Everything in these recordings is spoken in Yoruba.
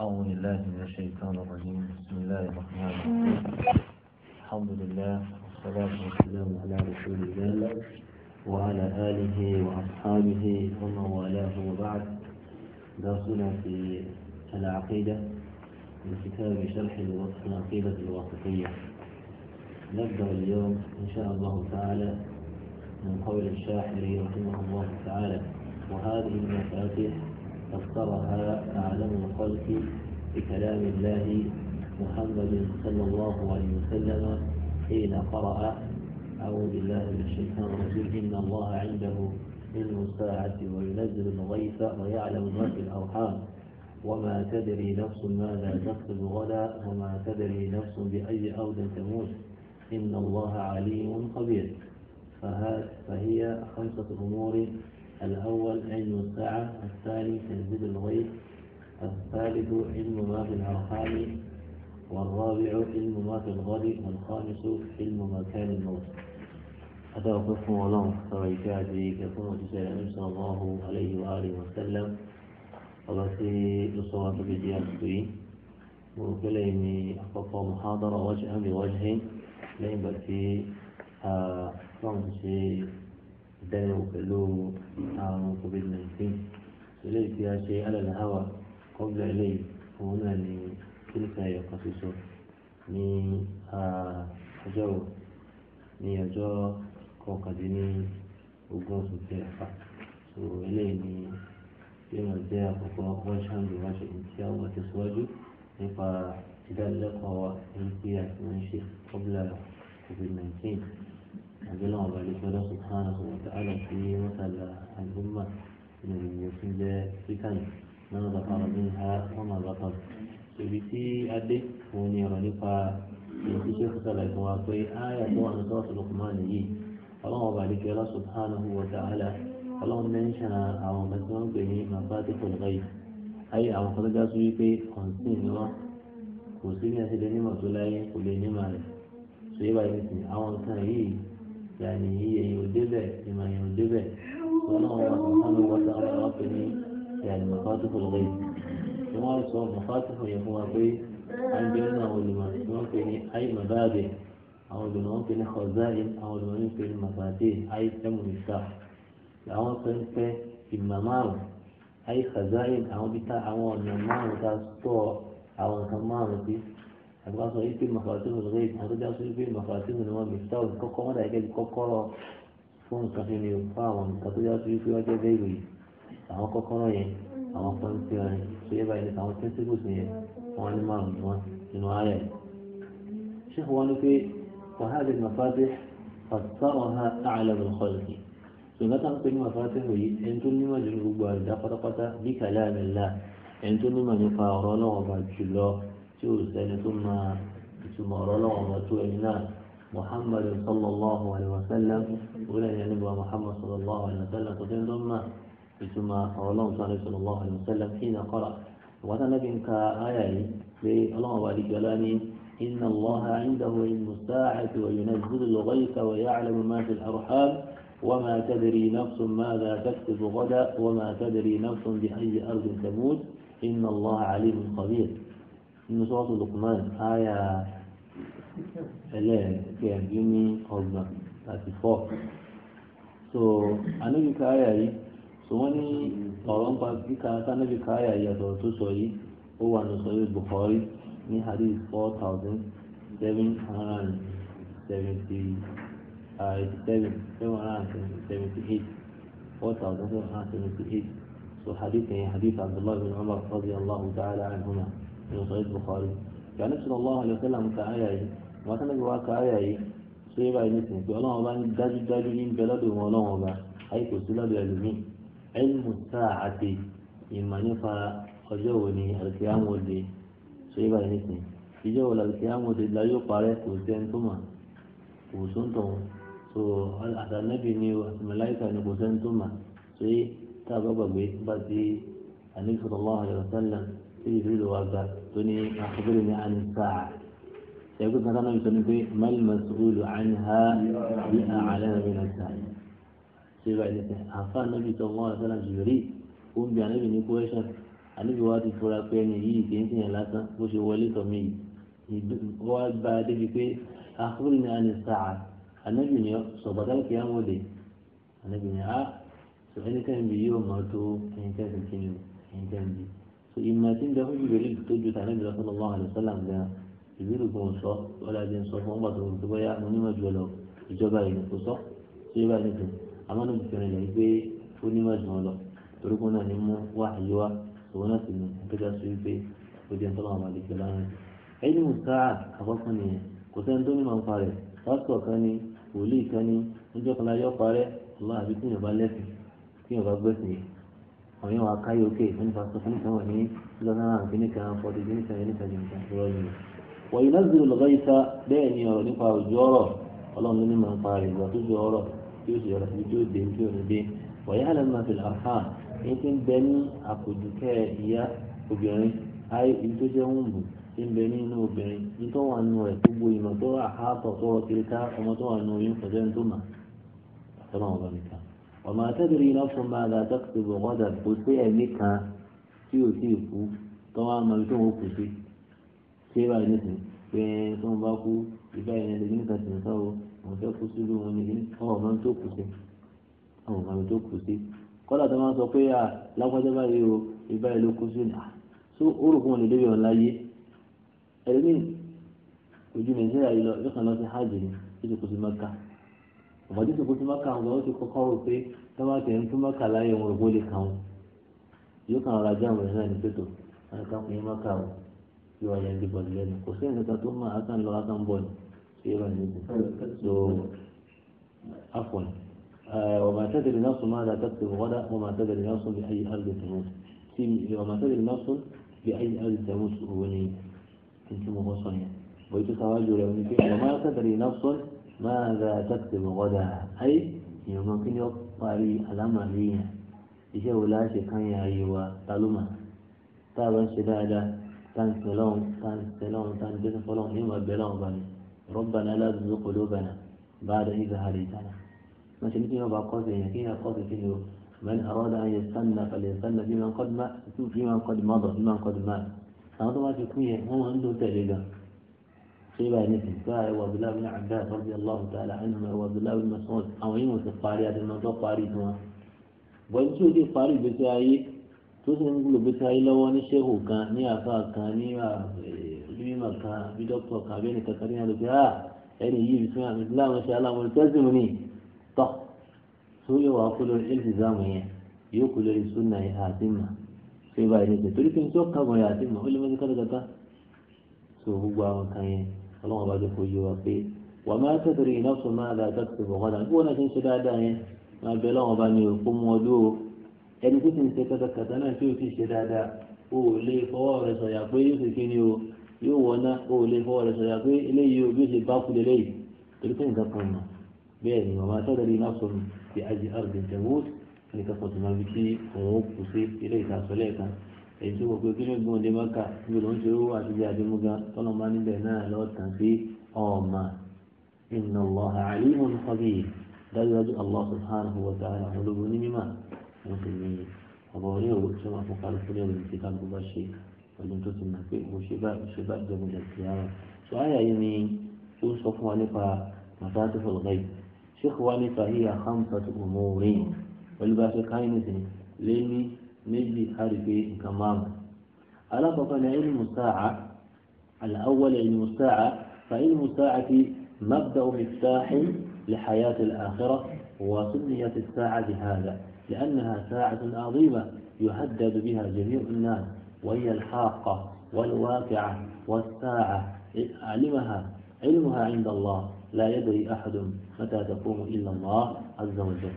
أعوذ بالله من الشيطان الرجيم بسم الله الرحمن الرحيم الحمد لله والصلاة والسلام على رسول الله وعلى آله وأصحابه ومن والاه وبعد درسنا في العقيدة من كتاب شرح العقيدة الواسطية نبدأ اليوم إن شاء الله تعالى من قول الشاحري رحمه الله تعالى وهذه المفاتيح فسرها أعلم الخلق بكلام الله محمد صلى الله عليه وسلم حين قرأ أعوذ بالله من الشيطان الرجيم إن الله عنده علم الساعة وينزل الغيث ويعلم ما في الأرحام وما تدري نفس ماذا تكسب غدا وما تدري نفس بأي أرض تموت إن الله عليم خبير فهي خمسة أمور الأول علم الساعة الثاني تنزيل الغيب الثالث علم ما في الأرحام والرابع علم ما في الغد والخامس علم ما كان الموت هذا وقف ولهم فريكاتي كفر النبي صلى الله عليه وآله وسلم وبسي الصلاة الدين وكليني أخطى محاضرة وجها بوجه لين بسي صنعت شيء دائما وكلوه عن كوفيد 19 eléyìí tí a ṣe alẹ́lẹ́ àwà kọ́bílẹ̀ eléyìí òun náà ni kíríkà ẹ̀yọ̀ kan ṣoṣo ní ọjọ́ wo ní ọjọ́ kọkàndínní ogún oṣù tí a fà so eléyìí ni yóò máa jẹ́ àkọ́kọ́ wáṣán lè wáṣẹ tí a wọ́n ti síwájú nípa ìdánilẹ́kọ̀ọ́ wa ní pé àti wọ́n ń ṣe kọ́bílẹ̀ covid-19 àgbélọ́wọ̀n balẹ̀ fẹ́lẹ́ sùn hàn àwọn ọ̀tá àlọ́ sí mọ́tàlá àgbọ̀mọ́ òfin jẹ́ kíkàlù náà bàtà ọ̀rọ̀ ní ha wọ́n máa bàtà ibi tí a dé òun ni ọ̀rọ̀ nípa èyí tí sèkú sàlàyé fún wa pé áyà tó wà ní sọ́ọ̀tù Luqman yìí ọlọ́run ọba àdìkẹ́ Allah subhanahu wa ta'ala ọlọ́run mẹ́ńṣán àwọn ọmọ tí wọ́n gbé ní mafatihul ghaib ayé àwọn kan lọ́jà sí wípé kọ̀ǹtìn ni wọ́n kò sí ní ẹsẹ̀ lé nímọ̀ tó láyé kò lè nímọ̀ rẹ̀ ṣé báyìí nìsín àwọn nǹkan yìí ọlọ́run subhanahu wa ta'ala wọ́n pè ní ìyàlùmọ̀ fásitì lọ́wọ́ yìí tí wọ́n sọ mọ̀fásitì yẹn fún wa pé àjẹrìn àwọn olùmọ̀ tí wọ́n pè ní ayé màbáàbẹ̀ àwọn olùmọ̀ wọ́n pè ní kọ̀záìn àwọn olùmọ̀ wọ́n pè ní màbàdé ayé tẹ́mù nìta àwọn tó ń fẹ́ ìmọ̀ márùn ayé kọ̀záìn àwọn bíta àwọn ọ̀nà márùn ta sọ àwọn nǹkan márùn sí àgbàsọ yìí pé màfàtí fún nǹkan tí mi ò fún àwọn nǹkan tó yàtọ̀ wípé wọ́n jẹ́ bẹ́ẹ̀lì yìí àwọn kọ́kọ́rọ́ yẹn àwọn pọ́ńtì rẹ̀ tó yẹ báyìí àwọn tẹ́sígùs yẹn wọ́n ní márùn ní wọn nínú ààrẹ. ṣé wọ́n ní pé wàhálà ìmọ̀fáàdé fàtàwọ̀nà àlẹ́ ìkọlùkì ṣùgbọ́n táwọn pé ní wàfáàdé yìí ẹni tó nímọ̀ jù gbogbo àdá pátápátá bí kàlẹ́ àmì ńlá ẹni tó nímọ̀ nípa ọ̀rọ̀ ọlọ́wọ̀n bá jùlọ tí ò محمد صلى الله عليه وسلم ولا ينبغى محمد صلى الله عليه وسلم تدين ضمه ثم الله صلى الله عليه وسلم حين قرأ وأنا كآية لله ولجلاله إن الله عنده علم وينزل الغيث ويعلم ما في الأرحام وما تدري نفس ماذا تكتب غدا وما تدري نفس بأي أرض تموت إن الله عليم خبير من سورة لقمان آية ẹlẹ́ẹ̀kẹ́ẹ̀dín ní ọgbọ̀n 34 so anábì káyà yìí so wọ́n ní ọ̀rọ̀ ń pa kíka sánábì káyà yìí àtọ̀rọ̀ tó sọ yìí ó wà ní sọ yìí Bukhari ní hadith four uh, so hadith yẹn hadith Abdullahi da annabi sallallahu alaihi wasallam ka aya yìí wọn kan nabi wa ka aya yìí so yẹ báyìí nísìnyí pé ọlọ́run ọba ń dájú dájú ní bẹ lọ́dọ̀ wọn ọlọ́run ọba ayé kò sí lọ́dọ̀ ẹlòmíì ilmu sáàtì ìmọ̀ nípa ọjọ́ wo ni àlùkìyámà òde so yẹ báyìí nísìnyí ìjọ wo làlùkìyámà òde la yóò parẹ́ kò sí ẹni tó mà kò sún tọ̀hún so àtànẹ́bì ni mẹláìkà ni kò sẹ́ni tó mà so yẹ tá a bá gbàgbé bá ti àníṣe tí Jibril wá gbà tó ní àkọ́bẹ̀rẹ̀ ní àníṣáà ẹgbẹ́ kan náà sọ ni pé mal mas'ulu anha bí àlẹ́ rẹ̀ náà sá ṣé bá ilé tẹ àǹfààní níbi tó wọ́n àṣẹ náà jùlọ ó ń bi ànábì ní kúrẹ́ṣọ̀n ànábì wa ti fura pé ẹni yìí kì í sìn yẹn lásán bó ṣe wọlé tọ̀ mí wọ́n bá a débi pé àkọ́bẹ̀rẹ̀ ní àníṣáà ànábì ni sọ̀bọ̀dá ìmọ̀ tí ń bẹ fún jìbìrì tó ju tàbí ìbílẹ̀ sọ́lọ́ wọn àlẹ́ sọ́lá ń gan ìbílẹ̀ kò ń sọ ọlá jẹ́ ń sọ fún ọgbà tó ń gbọ́ yá onímọ̀ jù lọ ìjọba yìí kò sọ sí ìbá ní tòun àmọ́ ní ìfẹ́ rẹ̀ gbé onímọ̀ jù lọ torí kó náà ní mú wá àyè wá òun náà sì ní ìgbéga sí wípé ó jẹ́ tọ́lá wọn àlejò láàrin. ẹni àwọn yóò wá káyọ̀ òkè nípa sọ fún ìtàn wà ní lọ́nà àgbẹ̀nìkan fọ́tí jẹ́nìkan jẹ́nìkan jẹ́nìkan ìrọ̀ yìí. wọ́n yìí lásìkò lọ́gọ́ yìí bẹ́ẹ̀ ni ọ̀rọ̀ nípa òjò ọ̀rọ̀ ọlọ́run ní máa ń pa ìgbà tó ju ọ̀rọ̀ tí ó sì tí ó dé tí ó dé. wọ́n ibi tó jẹ́ ń bẹ ọmọ àtẹ́bìrì iná fún máa dà tẹ́kùtù bọ̀kọ́dà kò sí ẹ̀mí kan tí ò tí ì kú tọ́wọ́ àmọ́ ibi tó ń kù sí ṣé báyìí nìsín pé tó ń bá kú ìgbà yẹn lè nígbà tí ń sọ o mo fẹ́ kú sílùú wọn ni ọmọ mi tó kù sí ọmọ mi tó kù sí kọ́lá tó máa sọ pé à lápájá báyìí o ìgbà yẹn ló kú sí ni so ó lè débi ọ̀la yé ẹ̀rí mi ojú nàìjíríà yìí lọ lọ́kàn ọmọdé tó kó tó mọ́kà wọn ó ti kọ́kọ́ rò pé tọ́mátì ń tó mọ́kà láyé wọn ògbó lè kàn wọn yóò kàn ra jáwọn ẹ̀ náà ní pẹ̀tọ̀ wọn kà fún yín mọ́kà wọn yóò wáyé ẹni bọ̀ lẹ́nu kò sí ẹ̀ka tó máa akán lọ akán bọ̀ ni ṣé yóò wáyé níbi so afọ̀n ọmọ àtẹ́tẹ̀lẹ̀ náà sùn máa dàtà tó wọ́dà ọmọ àtẹ́tẹ̀lẹ̀ náà sùn bí ayé alẹ́ tẹ̀mọ́t ọmọ àtẹ́tẹ̀lẹ̀ náà sùn bí ayé alẹ́ tẹ̀mọ́t òwò ni tuntun mọ́kọ́ sọ yẹn bọ̀ ètò sáwájú rẹ̀ wọ́n ni pé ọmọ àtẹ́tẹ̀lẹ̀ náà sùn ماذا تكتب غدا أي يمكن يقاري علامة ليا iṣẹ́ wo láṣẹ kan yà ayé wa ta ló mà tá a bá ń ṣe dáadáa tá ń tẹ̀lé ọ̀hún tá ń tẹ̀lé ọ̀hún tá ń dẹ́sẹ̀ fọlọ́ ọ̀hún níwọ̀n bẹ̀rẹ̀ ọ̀hún bani rọ́bànà aláàdúgbò kòló bana báàdà ìgbà hàlẹ̀ ìtànà wọ́n ṣe ní kí wọ́n bá kọ́sẹ̀ yẹn kí wọ́n kọ́sẹ̀ kí ni o mẹ́rin àrọ́dà ayé sanna falẹ̀ sanna bí wọ́n kọ́ síbà ní ìgbà ẹwà abdullahi bin abdullahi radiyallahu ta'ala anhu ẹwà abdullahi bin Mas'ud àwọn yìí wọ́n ti parí àtẹnudọ́ parí fún wa. bọ́n tí o ti parí ìgbésí ayé tó sì ń gbúlò ìgbésí ayé lọ́wọ́ ní ṣéhù kan ní àfa kan ní bíbímọ̀ kan bí dókítà kan bí ẹnì kankan ní àlùkò yà ẹni yìí bìtúmọ̀ abdullahi wọn ṣe aláwọ̀ tẹ́sìm ní tọ́ tó yẹ wàá kó lórí ẹ̀lìsìzámù yẹn yóò kó lórí súnà àtìmọ̀ síbà ní ìgbésí torí pé ní tó kàgbọ̀n àtìmọ̀ ó lè mọ́ sí kátàkátà so gbogbo àwọn kan yẹn ọlọ́run bá dúpọ̀ yé wa pé wà máa tẹ̀sírí ìnáṣọ máa dà tẹ̀sí bọ̀kọ́dà bí wọ́n náà ti ń ṣe dáadáa yẹn máa bẹ lọ́wọ́n bá ní òkú mu ọdún o ẹni tó ti ń ṣe kàtàkàtà náà tí ò ti ṣe dáadáa o ò lè fọwọ́ rẹ sọ̀yà pé yóò ṣe kí ni o yóò wọná o ò lè fọwọ́ rẹ sọ̀yà pé eléyìí o bí ó ṣe bá kú lélẹ́yìí torí pé nǹkan kan mọ̀ bẹ́ẹ̀ ni èyí tó gbogbo kí ló gbọ́n ọdẹ mọ́kà níbi ló ń ṣe owó àti bí adémúgá tọ́lọ́ máa níbẹ̀ náà lọ́ọ̀tàn sí ọ̀ọ́mà inna Allaha alimun khabir dájúdájú Allah subhanahu wa ta'ala ológun ní mímà wọ́n sì ní ọ̀bọ̀ orí òwò tí wọ́n fún kálukú lẹ́nu tí kálukú bá ṣe pẹ̀lú tó ti mọ̀ pé mo ṣe bá ṣe bá jẹ́ gbọdọ̀ meji حرفي á على pé علم الساعة الأول علم الساعة فعلم الساعة مبدأ مفتاح لحياة الآخرة وسميت الساعة بهذا لأنها ساعة عظيمة يهدد بها جميع الناس وهي الحاقة والواقعة والساعة علمها علمها عند الله لا يدري أحد متى تقوم إلا الله عز وجل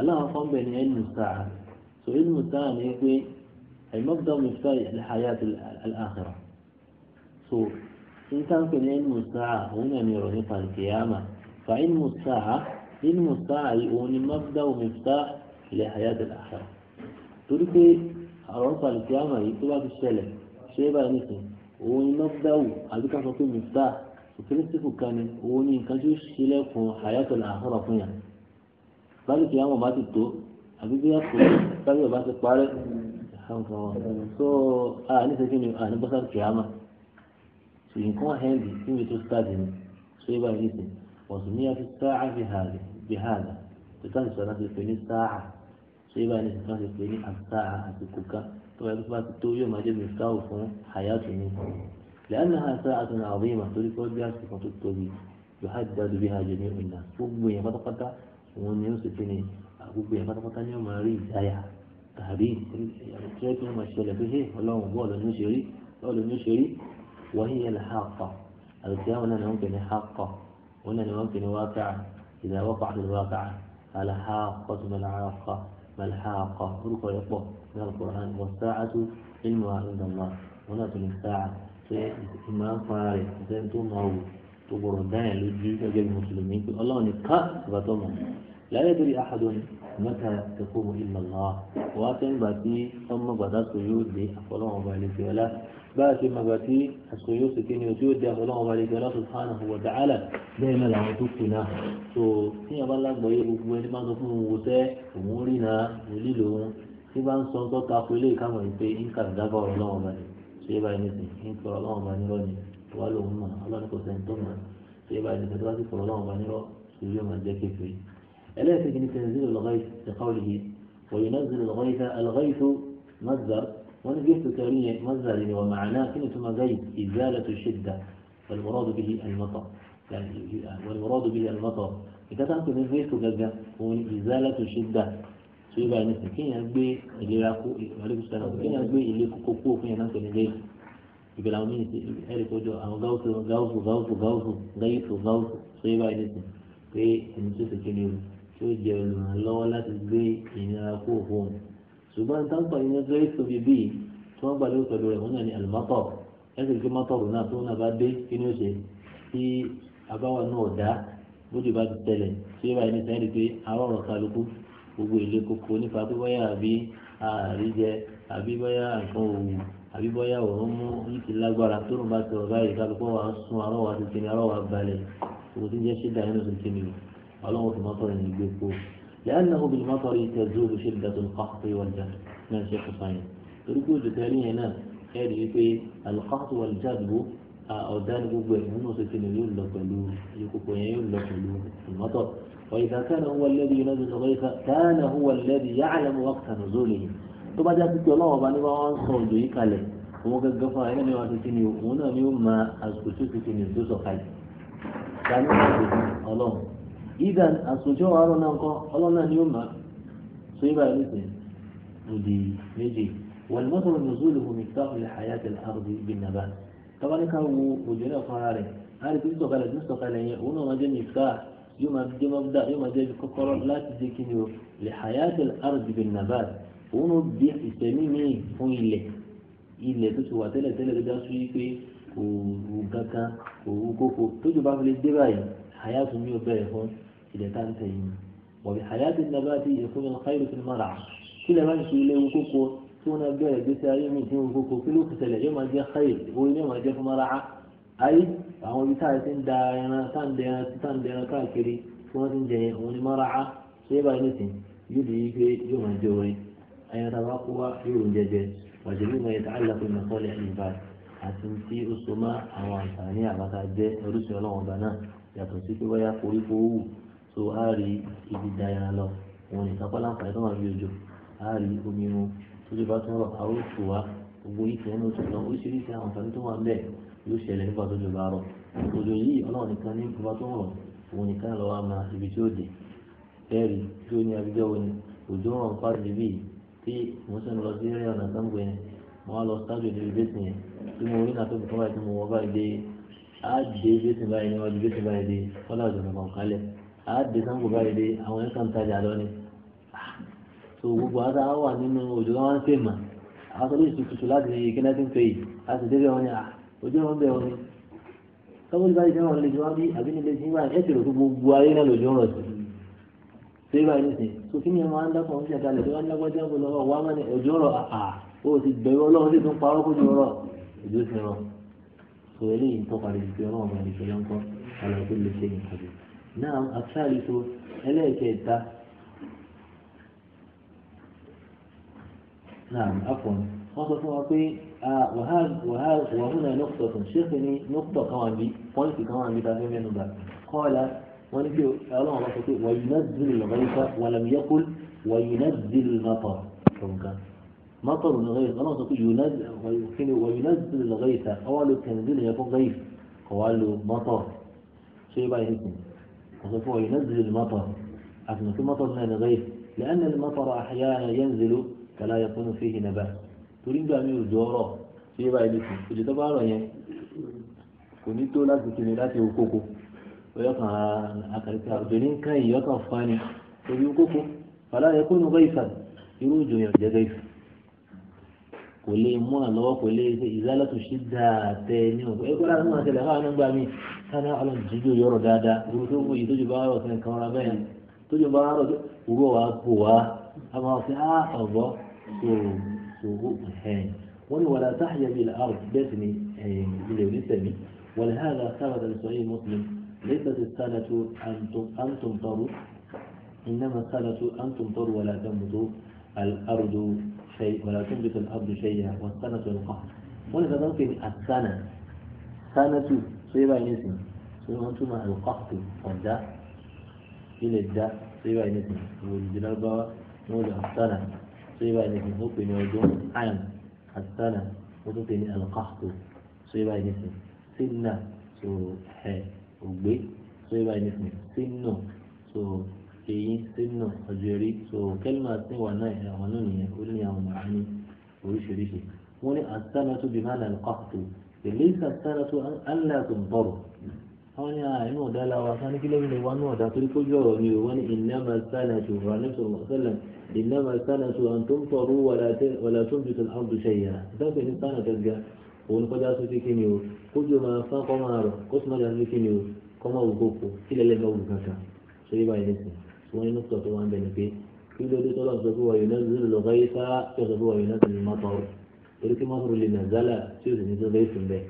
الله قام بين علم الساعة العلم الثاني يقول المبدأ مفتاح لحياة الآخرة سو إن كان في علم الساعة هنا نيرونيك القيامة فعلم الساعة علم الساعة يقول مبدأ مفتاح لحياة الآخرة torí pé àwọn ọ̀pá ìkíyàmà yìí tó bá ti ṣẹlẹ̀ ṣé báyìí nìkan òun ni mọ́bdáwù àbí ká sọ pé mìtá òkèrèsìkò kan ni òun ni nǹkan tí ó ṣẹlẹ̀ fún àyàtọ̀ làhọ́rọ̀ fún yàn báyìí ìkíyàmà bá ti tó àbí bí àpò sáré ọba ti parẹ́ àǹfọ̀ so a ní sẹ́kí ni a ní bọ́sà kìámà so nǹkan hẹ́ndì níbi tó sáàdì ni so yẹ báyìí nìsín ọ̀sùn ní àfi sáà fi hàdì bí hàdà tó ká sọ̀rọ̀ láti pè ní sáà so yẹ báyìí nìsín ká sì pè ní àsáà àti kùkà tó yẹ kó bá ti tó yóò máa jẹ́ mi sáà fún hayatu ni lẹ́yìnlá sáà tó nà àwọn ìmọ̀ torí kọ́ bí àsìkò tó tóbi yóò hàdì dáadọ́ bí hàdì ní ìlà gbogbo yẹn pátápátá òun ni ó sì fi ní gbogbo ẹ̀ pátápátá ni wọ́n máa rí ìdáyà tàbí ìṣẹ́ tí wọ́n máa ṣẹlẹ̀ pé ọlọ́run bọ́ọ̀lù ni ó ṣe rí bọ́ọ̀lù ni ó ṣe rí wọ́n yẹ lẹ́hàkọ́ àlùkí àwọn náà ni wọ́n pè ní hàkọ́ wọ́n náà ni wọ́n pè ní wákà ìdá wọ́pọ̀ àti wákà àlàhàkọ́ tó mẹ́lẹ́hàkọ́ mẹ́lẹ́hàkọ́ orúkọ rẹ̀ pọ̀ ní alukur'an wọ́n sáàtú ilmu àlùdàmọ́ wọ́n náà tó ní sáà ṣe ìmọ̀ fúnra rẹ̀ ṣe tó máa wù tó gbọ́dọ̀ dáyà lójú gẹ́gẹ́ la yadri ahadun mẹ́ta taqumu illa Allah wọ́n á tẹ́ ń gbà tí ọmọ gbàdá sọ yóò dé àfọlọ́wọn ọba ilé fiọ́lá bá a ṣe mọ̀ gbà tí àsìkò yóò sì kí ni ojú ó dé àfọlọ́wọn ọba ilé fiọ́lá subhanahu wa ta'ala bẹ́ẹ̀ náà làwọn tó kù náà tó tí yàrá lágbọ̀ọ́yé gbogbo ẹni máa ń sọ fún òun wò sẹ́ òun rí na òlí lòun tí bá ń sọ ń tọ́ka fún ilé ìkámọ̀ yìí pé ń kà dábàá ọ̀rọ̀ lọ́wọ́ bá ní ṣé báyìí nìsín ń kọ̀rọ̀ lọ́wọ́ bá ní lọ́ni wà lóun mọ̀ ọlọ́ni kò sẹ́ni tó mọ̀ ṣé báyìí nìsín tó bá sì kọ̀rọ̀ lọ́wọ́ bá ní lọ́ ألا تجني تنزيل الغيث لقوله وينزل الغيث الغيث مصدر ونجيت كارية مصدر يعني ومعناه كلمة مزيد إزالة الشدة والمراد به المطر يعني والمراد به المطر إذا كانت الغيث جدا إزالة الشدة سيبا مثل كين يبي اللي يقو عليه السلام كين يبي اللي كوكو كين ينزل كين غيث يقول أمين أعرف وجه أو غوث غوث غوث غوث غيث غوث سيبا مثل في المسجد كين يبي tó jẹ́ olùrànlọ́wọ́ láti gbé ìnira kó fún un ṣùgbọ́n táǹpà yìí ní ọjọ́ ìsòbí bíi tí wọ́n gbà lórí pẹ̀lú rẹ̀ wọ́n náà ní àlùmọ́tọ̀ ẹ̀sìn kí mọ́tọ̀rù náà tó náà bá dé kí ni ó ṣe tí abáwa náà ọ̀dá bójú bá ti tẹ̀lẹ̀ tí ó bá yẹn sẹ́yìn pé arọ́rọ̀ kálukú gbogbo ilé koko nípa pé bóyá àbí àríjẹ àbí bóyá nǹkan òwò àbí bóyá òun mú ní ti lágbára tó rùn bá ti ọ̀gá ìkálukú wa sún arọ́wà tuntun ni arọ́wà balẹ̀ òun ti jẹ́ ṣídà nínú tuntun nìyí ọlọ́wọ́ fi mọ́tọ́ rẹ̀ ní gbé kó lẹ́yìnnáwó bí mọ́tọ́ rẹ̀ tẹ̀ dúró bí ṣe ń dàtún kọ́kọ́ wọ̀lìjà náà ṣe kó sáyẹn torí pé òjò tẹ̀lé yẹn náà ẹ̀ rí i pé alùkọ́kọ́ wọ̀lìjà dùbò ọ̀dà ni gbogbo ẹ̀ nínú ṣèṣe ni yóò lọ pẹ̀lú ìkókò yẹn yóò lọ pẹ̀lú ìmọ́tọ́ وإذا كان هو الذي ينزل الغيث كان هو الذي يعلم وقت نزوله tó bá já pípé ọlọ́wọ́ bá ní wọ́n wá ń sọ òjò yìí kalẹ̀ òun gẹ́gẹ́ fún ayé náà ti kíni òun náà ni ó máa àsìkò tó ti kíni tó sọ kalẹ̀ ìdá àsùnjọ́ àárọ̀ náà kọ́ ọlọ́nà ni ó máa so ibà ìrìnsẹ̀ òdì méjì wọ́n mọ́tò ní zúlù fún mi káfí àyà tẹ̀lé àrùbí ibi nàbà tọ́ba ní ká wo òjò náà fúnra rẹ̀ á rí títí sọ̀kalẹ̀ títí sọ̀kalẹ̀ yẹn òun náà máa jẹ́ mìfà yóò máa jẹ́ mọ́bdá yóò máa jẹ́ kọ́kọ́rọ́ láti jẹ́ kí ni o lè àyà àrùbí ibi nàbà òun ó bí ìsẹ̀mí mi fún ilẹ̀ tá ń tẹ̀ yìí wọ̀bí hayati nabati ìfúnmi khairu fi mara kí lè má ṣe ilé kókó tí wọn bẹ̀rẹ̀ gbèsè ayé mi tí wọn kókó kí ló kù ṣẹlẹ̀ yóò máa jẹ́ khairu owó yóò máa jẹ́ fún mara ayé àwọn ibi táyà ti ń da ẹran tá ń da ẹran tá ń da ẹran káàkiri tí wọ́n ti ń jẹ yẹn òun ni mara ṣé báyìí nìsín yóò di ike yóò máa jẹ orin ẹ̀yàn tá bá kó wá yóò ń jẹjẹ wàjú mímọ yẹn tá a lè fi mọ̀ so a rí ibi da ẹran lọ òun nìkan kọ́ láǹfààní tó máa fi òjò a rí omi mu tó lè bá tún rọ̀ a ó tù wá gbogbo ìfẹ́ ẹnu tó lọ oríṣiríṣi àwọn àǹfààní tó wà bẹ́ẹ̀ yóò ṣẹlẹ̀ nípa tó lè bá rọ̀ òjò yìí ọlọ́run nìkan ní ìfúnpá tó rọ̀ òun nìkan lọ wá máa ibi tí ó dé bẹ́ẹ̀rì tí ó ní abijọ́ wo ni òjò rọ̀ ń pàdé bí tí mo sì ń lọ sí eré ọ̀nà sáńgbó yẹn mo wá lọ sáájú ìdíbi bẹ́sìn yẹn tí mo rí náà tó fi kọ́ báyìí tí mo wọ báyìí dé á dé bẹ́sìn báyìí ni wọ́n di báyìí dé kọ́lá òjò nìkan kálẹ̀ àádé sango báyìí dé àwọn yẹn kàn tajà lọ ni so gbogbo àti àwọn wà nínú òjò wọn ń pè mà àwọn sọ lóṣù tuntun láti ní kí náà ti yìí a sì wọn ni òjò wọn bẹ̀ wọn ni sọ́wọ́n báyìí jẹ́ wọn lè jọ wá bí àbí nílé tí wọ́n ẹ̀ tèrò fún gbogbo ayé náà lòjò ń rọ̀ sí ṣé báyìí nìsín so kí ni ẹ máa ń dákọ̀ ń ṣẹ̀dá lẹ̀ tí wọ́n ń dákọ̀ jẹ́ ọ̀pọ̀lọpọ̀ wá mọ́ni òjò rọ̀ rọ̀ òjò so eléyìí ń tọ́ka lè fi ọlọ́run máa lè fi lọ́ńkọ́ náà àtàlìfò ẹlẹ́ẹ̀kẹta náà àfọ̀n wọ́n sọ fún wa pé wàhálà nọ́kùtọ̀ tó ṣéèkì ní nọ́kùtọ̀ kan wà bí pọ́ǹtì kan wà bí ta fẹ́ mẹ́nu bá kọ́ọ̀lá wọ́n ní pé ọlọ́run bá sọ pé wàyí náà zìlì lọ́wọ́ yìí ká wàlàmì yẹ́kùl wàyí náà zìlì mọ́tọ̀ ṣọ̀nkan. مطر من غيث الله تقول ينزل وينزل الغيث أول تنزيل يكون غيث قوال له مطر شيء بقى يهزم وسوف ينزل المطر عفوا في مطر من الغيث لأن المطر أحيانا ينزل فلا يكون فيه نبات تريد أن يجورا في بعدك تجد بعضا kòní tó láti kiri láti okoko ọyọkàn àkàrìkà òjòní ń kàn yìí ọkàn fani torí okoko fàlà ẹkúnnù gẹ́ìfà irú ìjòyàn jẹ́ gẹ́ìfà kò lè mú àlọ́wọ́ kò lè ṣe ìzálàtò ṣídà tẹ ní òkú ẹ̀kọ́ láti máa ṣẹlẹ̀ fáwọn nígbà míì كان على الجيو يورو دادا وجو يدو جبار وكان كرامين تو جبار وجو اقوى اما في اقوى سوق هين ولو لا تحيا بالارض بدني اللي ولسمي ولهذا ثبت لصحيح مسلم ليست السنة أن أن تمطر إنما السنة أن تمطر ولا تنبت الأرض شيء ولا تنبت الأرض شيئا والسنة القهر ولذا ممكن السنة سنة, سنة tó yẹ báyìí nìsín tó wọ́n tún máa lò kọ́ọ̀tù ọ̀dá ilẹ̀ dá tó yẹ báyìí nìsín ìwò ìdílábáwá wọn lè àtànà tó yẹ báyìí nìsín ó pè ní ọdún àyàn àtànà ó tún pè ní alùkọ́ọ̀tù tó yẹ báyìí nìsín sínà tó ẹ̀ ògbé tó yẹ báyìí nìsín sínú tó èyí sínú ọ̀jẹ̀rí tó kẹ́lìmọ̀ àti wà náà ẹ̀ àwọn náà nìyẹn ó ní àwọn màá ní oríṣiríṣi wọ́n ní àtànà tó bí má ìlẹ́sà sára tó allah tó ń bọ̀rọ̀ àwọn ní àìní ọ̀dà làwọn afáàní kí lẹ́yìn wa náà ọ̀dà torí kójú ọ̀rọ̀ ni wọ́n ní ìnáma sára tó rà ní sọ̀rọ̀ sẹ́lẹ̀ ìnáma sára tó à tó ń tọrú wàlà tó ń bí tòun àwọn bùṣẹ̀ yẹra dábẹ́ ní sára tó ga òun kọjá tó ti kíni o kójú máa fán kọ́ máa rọ̀ kó sì má jà ní kíni o kọ́ máa wù gbogbo kí torí kí mọ́tò lè nàzálà tí o sì ní tó lè sùn bẹ́ẹ̀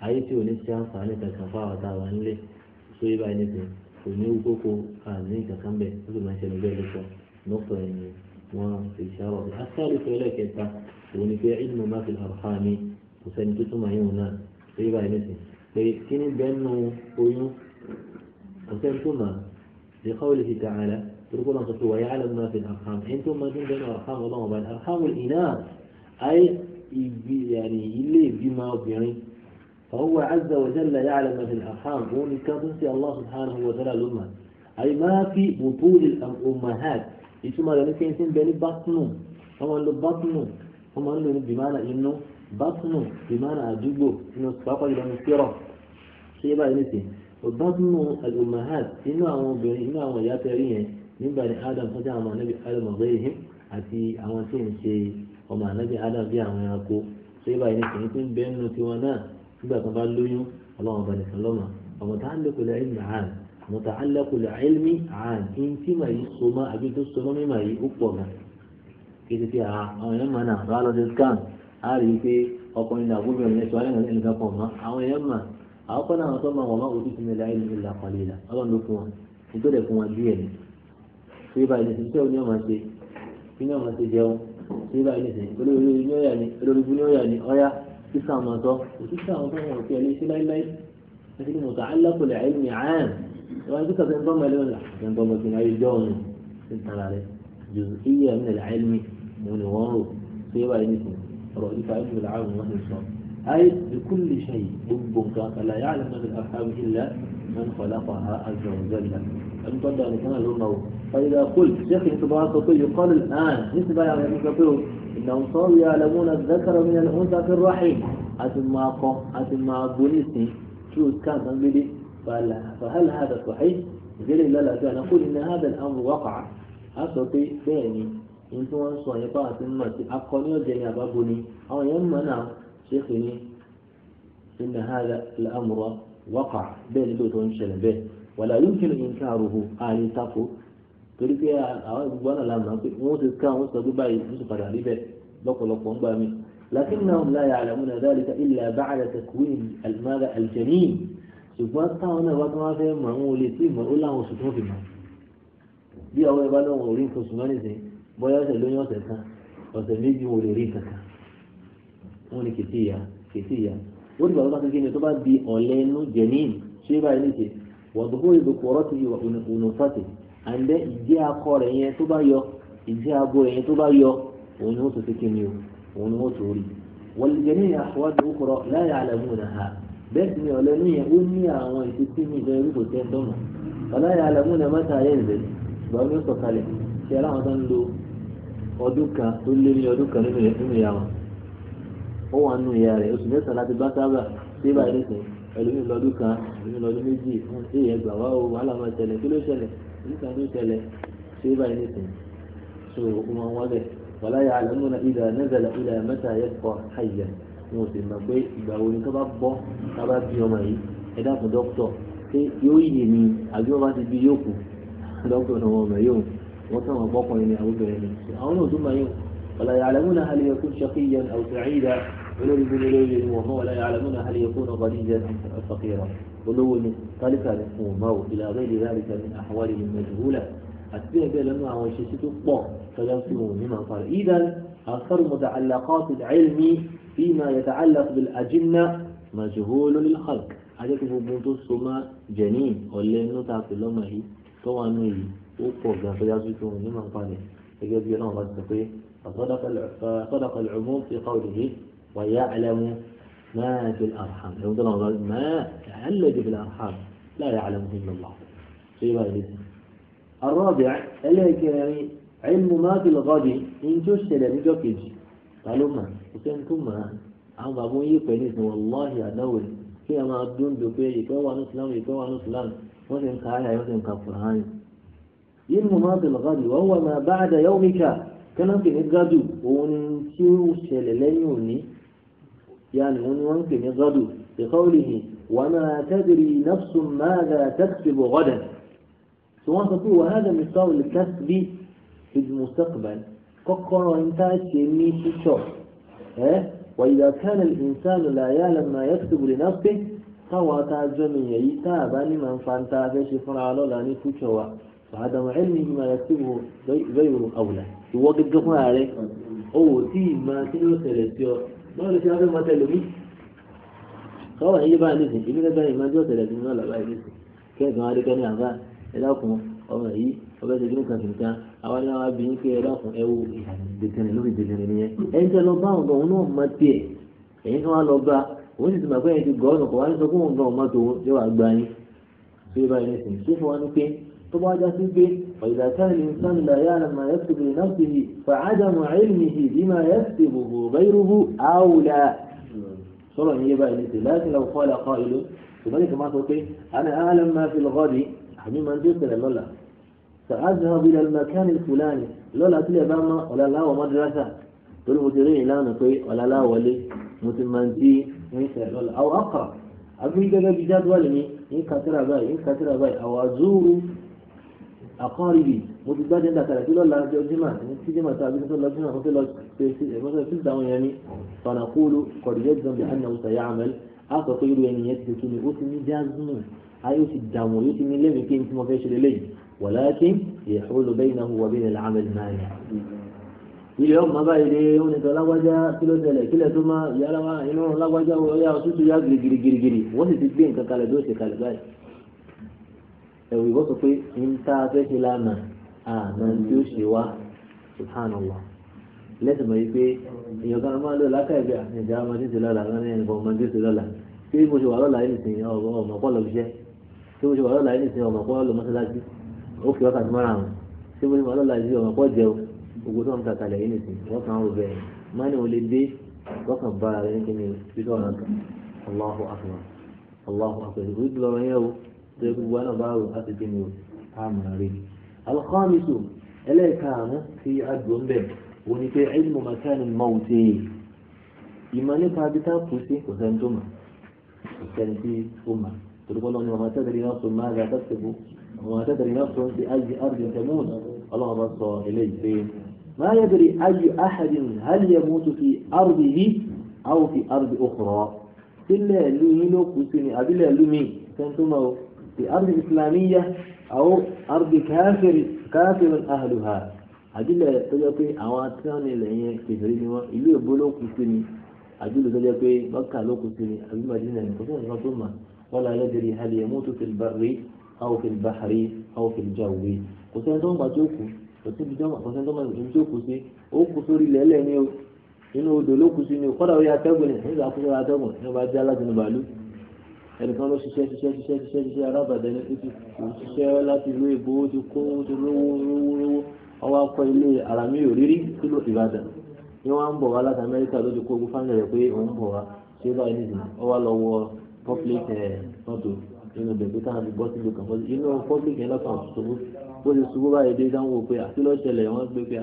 ayé tí o ní ṣe àǹfààní kankan fáwọn táwa ń lé tó yé báyìí nìkan kò ní kókó àní kankan bẹ́ẹ̀ ó sì máa ń ṣẹlẹ̀ bẹ́ẹ̀ lọ́pọ̀ lọ́pọ̀ ẹ̀yìn wọn ìṣàrọ̀ ọ̀dọ̀ asáàlì fẹ́lẹ̀ kẹta òun ni pé ìlú máa fi àrùfáà mi kò sẹ́ni tó túmọ̀ yóò náà tó yé báyìí nìkan pé kí ni bẹ́ẹ̀ nu oyún kò sẹ́ni tó mọ̀ لقوله تعالى تقول أن ويعلم ما في الأرحام أنتم ما دون بين الأرحام والله بين الأرحام والإناث أي ibi yàrá ilé ìbímọ obìnrin فهو عز وجل يعلم في الأرحام ونكابنسي الله سبحانه وتعالى الأمة أي ما في بطول الأمهات ìtumọ̀ rẹ̀ ní kí n ti ń bẹ ní bátùnù wọ́n máa ń lo bátùnù wọ́n máa ń lo ní bìmánà inú bátùnù bìmánà àdúgbò inú pápá jùlọ ní kírọ̀ ṣé yé báyìí nìsín bátùnù al-ummahat inú àwọn obìnrin inú àwọn ìyá tẹ́rí yẹn nígbà ní adam fún àwọn ọmọ níbi adam ọ̀gbẹ́ yìí àti àwọn tí ń ṣe ọmọ ànábì adam bí àwọn ẹranko ṣé báyìí ní kìíní tí ń bẹ nínú tiwọn náà nígbà tó bá lóyún ọlọ́run ọba nìkan lọ́mọ muta'allaqul ilmi àn muta'allaqul ilmi àn kí n tí màá yí so mọ́ àbí tó so mọ́ mímà yí ó pọ̀ mọ́ kí ti fi àwọn èèyàn mọ̀ náà bá lọ sí scan á rí i pé ọkùnrin náà gbogbo ìrìn ẹ̀ṣọ́ alẹ́ nàìjíríà nìkan mọ́ àwọn èèyàn mọ̀ ṣé báyìí nìṣẹ́ olórí olórí ní ọ̀yà ni olórí ibú ní ọ̀yà ni ọ̀yà sísá àwọn ọ̀tọ̀ òṣìṣẹ́ àwọn ọ̀tọ̀ wọn kì í ṣe láíláí àti ní mọ̀tà alákòlẹ̀ àìní àán ìwádìí kíkà tó ń bọ́ mọ́lẹ́ ọ̀la tó ń bọ́ mọ́ kìnnà ayé jọ́ọ̀ ni ṣe ń tara rẹ̀ jùlọ iye àmì nàlẹ́ àìní mo ní wọ́n rò ṣé báyìí nìṣẹ́ ọ̀rọ̀ nípa ẹ̀mí ìlà àrùn wọn sọ. ayé bíkúlù ṣe gbogbo nǹkan kàlàyé àlùmọ́ ẹni tó da nìkan náà ló ma o fàyídà kúl ṣéèkì tó bá wá sọ pé yóò kọ́ lóun àn níṣẹ́ báyà wọn sọ pé o ìnáwó sọ́ọ̀rù yà lẹ́múnà zákàrà mi lẹ́nu oúnjẹ fi rọ́ọ̀hìn àti máa kọ́ àti máa gbóni sí tí o ká nǹkan gbélé fàhálà hàdà sọ̀hìn ìbéèrè lálàáfíà náà kúl iná hàdà àmú wákà á sọ pé bẹ́ẹ̀ ni ní tí wọ́n sọ yẹn fáwọn àti mọ̀ sí akọni ọ̀jẹ̀ ni àbábo ni àwọn yẹn mọ̀ náà ṣéèkì ni إن هذا الأمر وقع بين لوط ومشل به wàlá yóò kí lóyún ká àròhò ààyè tako torí pé àwọn ìgbìgbọ náà làmà pé wọn ti ká wọn sọ pé báyìí ló ti padà rí bẹ́ẹ̀ lọ́pọ̀lọpọ̀ ń gbà mí lakinnahum la ya'lamuna dhalika illa ba'da takwin al-mala al-jamin ṣùgbọ́n táwọn náà wá tó wá fẹ́ mọ̀ àwọn olè tí ìmọ̀ ó láwọn oṣù tó fi mọ̀ bí àwọn ẹ̀bá náà wọ̀n orí nǹkan oṣù mẹ́rin sí bóyá ọ̀sẹ̀ lóyún ọ̀sẹ̀ kan ọ̀sẹ̀ méjì wọn lè wọ̀dùkú ìdókòrọ́tì ònùfàtì àǹdẹ́ ìdí akọ rẹ̀ yẹn tó bá yọ ìdí abo rẹ̀ yẹn tó bá yọ òun ni wọ́n tó kékeré ni o òun ni wọ́n tó rí wọ̀lìjẹ́ni àfọwọ́dù òkúrọ̀ láyà àlẹ́mú nà ha bẹ́ẹ̀ sì ni ọ̀lẹ́nu yẹn ó ní àwọn ìfipí mi ìfẹ́ orí kò tẹ́ dọ́nà ọ̀láyà nà mẹ́ta ayé ìlẹ̀ ṣùgbọ́n mi sọ̀ ṣe aláwọn tó ń lo ọdún kan tó lé ní ọdún kan nínú ìyá wọn ó wà nínú ìyá rẹ̀ oṣù mẹ́sàn ẹlòmíì lọ́dún kan ẹlòmíì lọ́dún méjì wọ́n ti yẹ gbà wá o wàhálà máa tẹ̀lẹ̀ kí ló ṣẹlẹ̀ nígbà tó ṣẹlẹ̀ ṣé báyìí nìsín so ó máa wọ́n bẹ̀ wàlá yà á lẹ́nu ìdá nẹ́zẹ̀lá ìdá mẹ́ta yẹ kọ́ àyẹ̀ wọn ò sì mọ̀ pé ìgbà wo ni ká bá bọ́ ká bá bí ọmọ yìí ẹ dákun dókítọ̀ pé yóò yè ni àbí wọn bá ti bí yóò kù náà wọ́n mọ̀ olórí ibi lórí ìlú wọn mọ́wọ́lá yà àlàmú náà hàlẹ́ yẹkùn náà ní jẹ́ fàkìrà olówó ni tálíkà ní fún ọmọ ò ìlà rẹ̀ ìlera rẹ̀ ní àwárí ní mẹ́jùwúlà àti bẹ́ẹ̀ bẹ́ẹ̀ lọ́nà àwọn ìṣesí tó pọ̀ tọ́já sí wọn ní màá fara ìdá àkàrù mọ̀tà àlàkọ́tù ìlmi fíìmà yàtà àlàkùbìl àjìnnà màjùwúlò ní xalk ajẹ́kí gbogbo tó so má jẹ̀ní ọ̀lẹ́ inú ta fi lọ́mọ yìí tó wà nù yìí ó pọ̀ gan tọ́já sí wọn ní màá fara gẹ́gẹ́ bí ọlọ́run bá ti sọ pé صدق العموم في قوله ويعلم ما في الأرحام يوم قال ما تعلج في الأرحام لا يعلمه إلا الله في ذلك الرابع إليك يعني علم ما في الغد إن تشتل بجوكج قالوا ما وكنتم ما عم أبو يقنيس والله أدول في أما أدون بكي يكوى نسلم يكوى نسلم وزن كاية وزن كفران علم ما في الغد وهو ما بعد يومك كان في الغد وانتو شللين يعني ممكن يغدو بقوله وما تدري نفس ماذا تكسب غدا سواء تقول وهذا مثال للكسب في المستقبل كقر انت شمي شو ها وإذا كان الإنسان لا يعلم ما يكسب لنفسه فهو تعجمي يتابع يعني لمن فانتا فيش فرعلو لاني فوشوا فعدم علمه ما يكسبه غير أولى هو قد قفنا عليه أو تيب ما تيب سلسيو báwo ló ṣe wáá fẹ́ mọ tẹlẹ mi kọ́wọ́ yín bá ní ìsìn ìbí lẹ́gbẹ̀ẹ́ ìmọ̀ ọjọ́ tẹ̀lẹ̀ nínú ọ̀là báyìí nìsín kẹ́ẹ̀kan wá dékẹ́ ní àbá ẹ̀dákun ọmọ yìí ọbẹ̀ ṣe kíní kan kìí kan àwọn náà wá bí yín pé ẹ̀dákun ẹ̀wò ìdèkẹ̀rẹ̀ lórí ìdèkẹ̀rẹ̀ nìyẹn ẹ̀yin tẹ́ lọ bá ọ̀dọ̀ òun náà mọ tiẹ̀ ẹ̀yin kan wá lọ bá òun sì ti mọ̀ pé ẹ̀yin ti gọ́ọ̀nù kọ̀ wá ní sọ fún òun gan ọmọ tòun yóò tó bá já sí pé ọ̀yìnbá káàlì nǹkan ìlà yára máa yẹ kúrò náà sí i fàájàmù ẹ̀lìmìhì bí máa yẹ sí gbogbo bẹ́ẹ̀rùbù àwùlà sọ̀rọ̀ yìí bá ìlú tèlá sí lọ́wọ́ kọ́ ọ̀làkọ́ ìlú ṣùgbọ́n ìkàmá sọ pé àná àlẹ́ máa fi lọ́gọ́ di àmì máa ń dé pẹ̀lẹ́ lọ́la sàázàbù ilẹ̀ mẹ́kánì fúlàní lọ́la tí lè bá mọ́ ọ̀làláwọ̀ mọ́dúrásà torí mo ti rí ìlànà pé ọ̀làláwọlé mo ti máa ń dí ní ìṣẹ̀lẹ̀ lọ́la àwọn ọkọ̀ àbí gẹ́gẹ́ bí jádùá lèmi ní kàtírà báyìí ní kàtírà báyìí àwọn àzúrú àkọ́rìbì mo ti gbádùn dàkàrà kí lọ́la ọjọ́ jimá ní kí jimá tó abínú tó lọ jimá mo fẹ́ lọ ṣe ṣe ìfọ́sọ̀ sí ìdáwọn yẹn ní fana kúlù kọ̀dìyẹ jọ bí hànà ọ̀sà yà àmẹ́lì á sọ pé irú ẹni yẹn ti tún ní ó ti ní jásmù ayé ó ti dààmú yóò ti ní lẹ́mìí kí n tí mo fẹ́ ṣe lélẹ́yìn wàlákin ìyẹ̀hóló bẹ́yìn náà wà bẹ́yìn làmẹ́lì náà ni ilé ọmọ báyìí lé wọn nìkan lágbájá kí tẹlẹ kílẹ̀ tó máa yàrá wa inú lágbájá wọn yà ọtútù yà gírígírígírí wọn sì ti gbé nǹkan kalẹ̀ bí ó ṣe kalẹ̀ báyìí ẹ̀rù ìwọ́ sọ pé ń tá a fẹ́ ṣe lánàá àmọ́ tí ó ṣe wá subhanallah lẹ́sìn mọ̀ yìí pé èèyàn kan máa lọ lákàgbé àtẹ̀jẹ́ àwọn ọmọdé ti lọ́la wọn ní ẹnìkan ọmọdé ti lọ́la tí mo ṣe wà lọ́la yìí nìsín ọmọ pọ́ lọ fiṣẹ́ tí mo ṣe wà lọ́la yìí nìsín ọmọ pọ́ lọ mọ́sálásí ó fi wákàtí mọ́ra wọn tí mo ṣe wà lọ́la yìí ọmọ pọ́ jẹun gbogbo tó ń ta tẹ́lú wa náà bá rò láti kí ni o a máa rí i. alkhamisu ẹlẹ́ẹ̀kaàrún tí a jò ń bẹ̀ wọ́n ni pé ilmu makani mawuti ìmọ̀ nípa abita kù sí kò sẹ́ni tó mà kò sẹ́ni tí ó mà torí kọ́lọ́ ni wọ́n máa tẹ́tẹ̀rì náà sùn máa gà tẹ́tẹ̀bù wọ́n máa tẹ́tẹ̀rì náà sùn sí ayé arjẹ̀ tẹ̀mún ọlọ́run bá sọ eléyìí pé ما يدري أي أحد هل يموت في أرضه أو في أرض أخرى إلا لومي لو كسني أبي لا لومي كنتم في أرض إسلامية أو أرض كافر كافر أهلها àdìlẹ̀ tó jẹ́ pé àwọn atíwọ́n ilẹ̀ yẹn kẹfẹ́rí ni wọ́n ìlú èbó ló kù sí ni àdìlẹ̀ tó jẹ́ pé mọ́kà ló kù sí ni àbí màdínà ní kòtò ìrìnà tó mà wọ́n la yẹ́dẹ̀rì hali ẹ̀ mọ́tò fil barri aw fil bahri aw fil jawi kò sẹ́ni tó ń gbà tó kù kò sí ibi tó ń gbà tó kù sí ó kù sórí lẹ́lẹ̀ ni o inú odò ló kù sí ni o kọ́dà ó yà atẹ́gùn ni nígbà kúrò atẹ́gùn ní ẹnìkan ló ṣiṣẹ́ ṣiṣẹ́ ṣiṣẹ́ ṣiṣẹ́ ṣiṣẹ́ arábàdàn ní títí kò ṣiṣẹ́ láti ìlú èbó ó ti kó ó ti rówó rówó rówó ọwọ́ akọ ilé ara mi ò rírí kílò ìbàdàn ni wọ́n ń bọ̀ wá láti amẹ́ríkà ló ti kó ogun fáńdà rẹ̀ pé òun bọ̀ wá ṣé báyìí nìyí ọwọ́ lọ wọ public eh, mọ́tò nínú bẹ̀gbẹ́ táwọn ti bọ́ sílùú kan fọ́sí inú public yẹn lọ́kàn ṣubú bó ti ṣubú báyìí dé dáhùn wò pé àti lọ́ṣẹlẹ̀ wọ́n gbé pé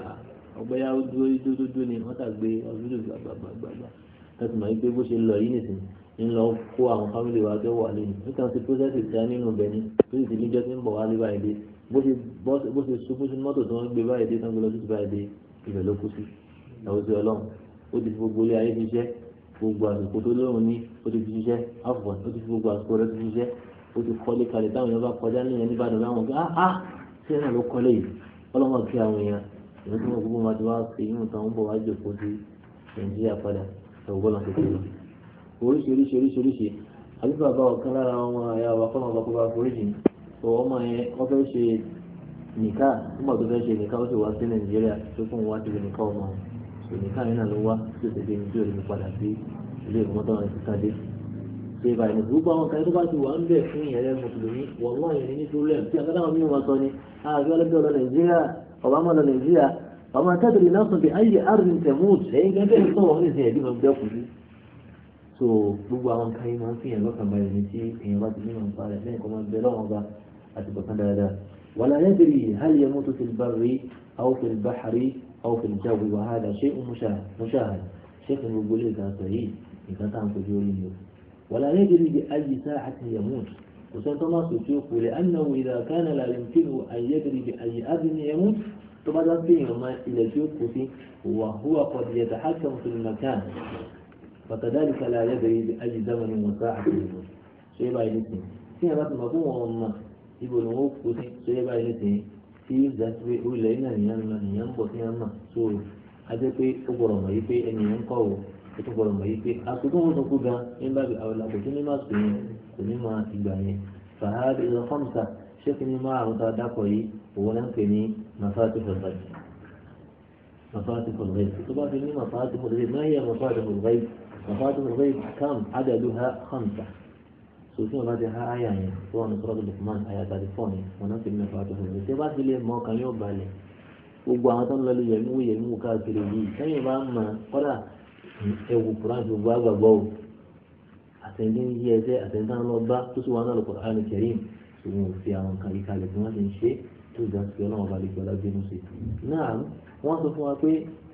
ọgbẹ́yà dúró dúdú ni wọ́n tàgbé ọdún gbàgbàgbàgbà tẹ̀sùn máa ń gbé bó ṣe lọ yìí nìsín ńlọ kó àwọn fámìlì wa tó wà lónìí ó kàn sí pósẹ́sì tí a nínú bẹ̀ ni tó sì ti níjọ́ tí ń bọ̀ wá lé báyìí dé bó ṣe bó ṣe ṣubú sí mọ́tò tí wọ́n gbé báyìí dé tán gbé lọ sí ti báyìí dé ibẹ̀ ló kú sí ẹ̀wọ́n sí ọlọ́run ó ti fi gbogbo ilé ayé ṣiṣẹ́ gbogbo àsìkò tó lóun ní ó ti fi ṣiṣẹ́ àfọ̀ ó ti fi gbogbo àsìkò rẹ̀ ti ṣiṣẹ́ ó ti kọ́lé kalẹ̀ táwọn èèyàn bá kọjá níyẹn níbàdàn láwọn gbé ah ah sí ẹ̀rọ ló kọ́lé yìí ọlọ́mọ kí àwọn èèyàn ìrántí wọn gbogbo máa ti wá sí inú ìtàn ń bọ̀ oríṣiríṣi oríṣiríṣi àbí bàbá ọ̀kan lára ọmọ àyà wa kọ́nà ọba kó bá foríjì ọwọ́ ọmọ yẹn wọ́n fẹ́ ṣe nìka nígbà tó fẹ́ ṣe nìka ó sì wá sí nàìjíríà tó fún wa ti lè nìka ọmọ ṣe nìka yẹn náà ló wá tí ó ti dé ní tí ó lè padà sí ilé ìmọ̀tọ́ rẹ̀ ti sáde ṣe ìbàdàn ní gbogbo àwọn kan tó bá ti wà ń bẹ̀ fún ìyẹn mùsùlùmí wọ́n wọ́n yẹn ní problem tí akadama mi wọn sọ ni ah, àbí ọlọ́gbẹ́ ní so gbogbo àwọn nǹkan yìí máa ń fi hàn lọ́kàn balẹ̀ ní tí èèyàn bá ti ní ìmọ̀ balẹ̀ lẹ́yìn kan máa bẹ lọ́wọ́ ọba àti bọ̀kan dáadáa wàlá yadri hal yamutu fil barri aw fil bahri aw fil jawi wa hada shay'un mushahad ṣéèkì gbogbo lè ga sọ yìí nǹkan tá à ń fojú orí ni o wàlá yadri bi ayyi sa'ati yamut kò sẹ́ńtọ́ máa sọ tí ó kù lẹ̀ annahu idha kana la yumkinu an yadri bi ayyi ardin yamut tó bá dá sí ìrànmọ́ ilẹ̀ tí ó kù sí wàhúwà qad yatahakkamu fil makan فكذلك لا يدري بأي زمن وساعة يموت شيء باي نسين في ما الموضوع أما يقول هو كوسي شيء باي نسين في ذات في ولا إن ينام ينام بوسي أما سو هذا في أقرب ما يبي أن ينقو أقرب ما يبي أكتم وسكودا إن باب أولا كتني ما سكني كتني ما تباني فهذه الخمسة شكل ما عرض دقوي ولكني مفاتيح الغيب مفاتيح الغيب تبقى مفاتيح الغيب ما هي مفاتيح الغيب مفاتيح الغيب كم عددها خمسة سوسين بعد ها آية يعني سواء سورة لقمان آية تليفوني ونفس مفاتيح الغيب تبع سلي ما كان يوم بالي gbogbo àwọn tó ń lọ lè yẹmú yẹmú káàkiri yìí sẹ́yìn bá mọ kọ́dà ẹ̀wù hmm, kuran ti gbogbo àgbàgbọ́ o àtẹ̀yìn ń yí ẹsẹ̀ àtẹ̀yìn táwọn lọ bá tó sì wà náà lọ kọ́dà àrùn kẹrin ṣùgbọ́n òfin àwọn kan yìí kalẹ̀ tí wọ́n ti ń ṣe tó ìdásíkẹ́ ọlọ́run balẹ̀ gbọ́dá gbénu sí. náà wọ́n sọ fún wa pé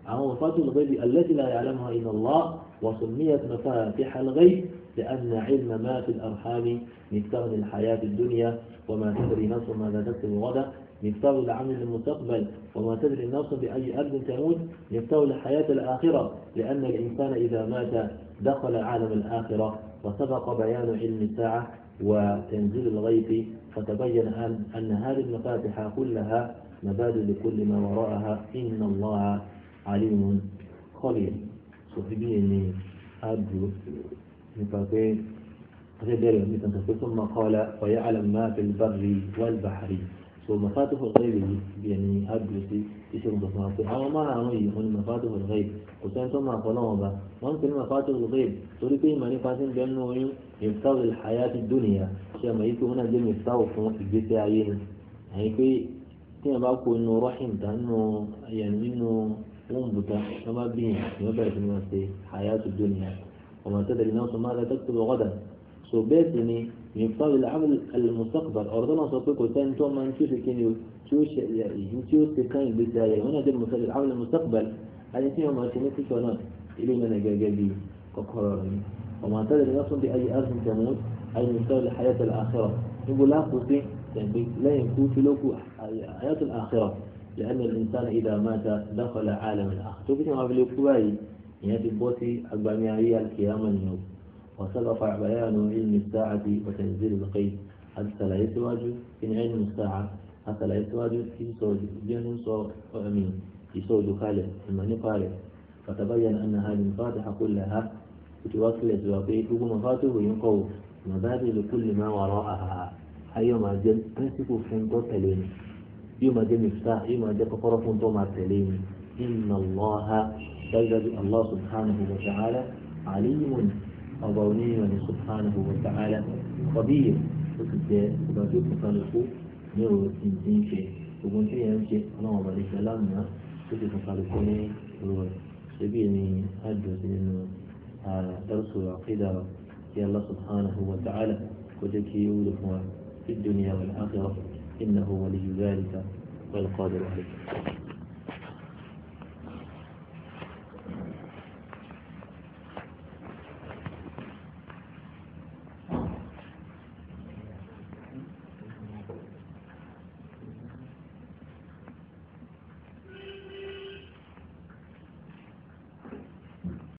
عن الغيب التي لا يعلمها إلا الله وسميت مفاتح الغيب لأن علم ما في الأرحام مفتاح الحياة الدنيا وما تدري نفس ماذا تكتب غدا مفتاح العمل المستقبل وما تدري نفسه بأي أرض تموت مفتاح الحياة الآخرة لأن الإنسان إذا مات دخل عالم الآخرة وسبق بيان علم الساعة وتنزيل الغيث فتبين أن, أن هذه المفاتح كلها مبادئ لكل ما وراءها إن الله alimun kọ́lì sòfin bí ẹni àdúró nípa pé ọjọ́ bẹ̀rẹ̀ ní sọ̀tọ̀ pé tó máa kọ́lá ọ̀yá alàmáfẹ́ bàrí wal bahri so mafatihu al-ghaib yìí bí ẹni àdúró sí iṣẹ́ ìgbà fún wa pé àwọn márùn-ún yìí wọ́n ní mafatihu al-ghaib kò sẹ́ni tó máa kọ́ lọ́wọ́ bá wọ́n ń pè ní mafatihu al-ghaib torí pé ìmọ̀ nípa ti ń bẹ́ẹ̀ nú oyún ìfẹ́ al-hayati dunya tó ń bùtà tó bá bí yàn ni wọ́n bẹ̀rẹ̀ sí máa ṣe hayatu dunya ọmọ tó tẹ̀lé náà tó máa lọ tẹ́kítọ́ lọ́gọ́dà so bẹ́ẹ̀ sì ni mìfọ́ ilẹ̀ al-mustaqbal ọ̀rọ̀ tó náà sọ pé kò sẹ́ni tó máa ń tí ó ṣe kí ni o tí ó ṣe ìyí tí ó ṣe kán ìgbésí ayé wọn náà jẹ́ mìfọ́ ilẹ̀ al-mustaqbal ayé tí wọ́n máa ṣe ní títọ́ náà ilé mẹ́rin gẹ́gẹ́ bí kọ́kọ́rọ́ rẹ̀ ọmọ tó tẹ̀lé náà tún bí ayé asin tẹ̀mú ayé mìfọ́ ilẹ̀ hayatul níbo láàkó sí lẹ́yìn kú kí ló kú لأن الإنسان إذا مات دخل عالم الآخر شوف ما في بالكواي يأتي يعني بوسي بوتي أبامي القيامة اليوم وسبق بيان علم الساعة وتنزيل القيد حتى لا يتواجه في علم الساعة حتى لا يتواجه في صوت جن صوت أمين في صوت خالد المن قال فتبين أن هذه المفاتح كلها بتواصل الأسواقية تقوم مفاتحه ينقو مبادئ لكل ما وراءها أيما جد أنسكوا فين قتلين yóò máa jẹ́ mìfta yóò máa jẹ́ kọ́kọ́rọ́ fún tó máa tẹ̀lé ni inna Allaha dájúdájú Allah subhanahu wa ta'ala alimun ọba onímọ̀ ní subhanahu wa ta'ala ọbí yìí ó ti jẹ́ ọba tó kún kálukú ní òwò tí ń dín ṣe ogun tí yẹn ń ṣe ọlọ́run ọba lè ṣe aláàmúná ó ti kún kálukú ní òwò ṣebí ni àdùn nínú dárúsù àkídà kí Allah subhanahu wa ta'ala kó jẹ́ kí ó wúlò fún wa في الدنيا والآخرة إنه ولي ذلك والقادر عليه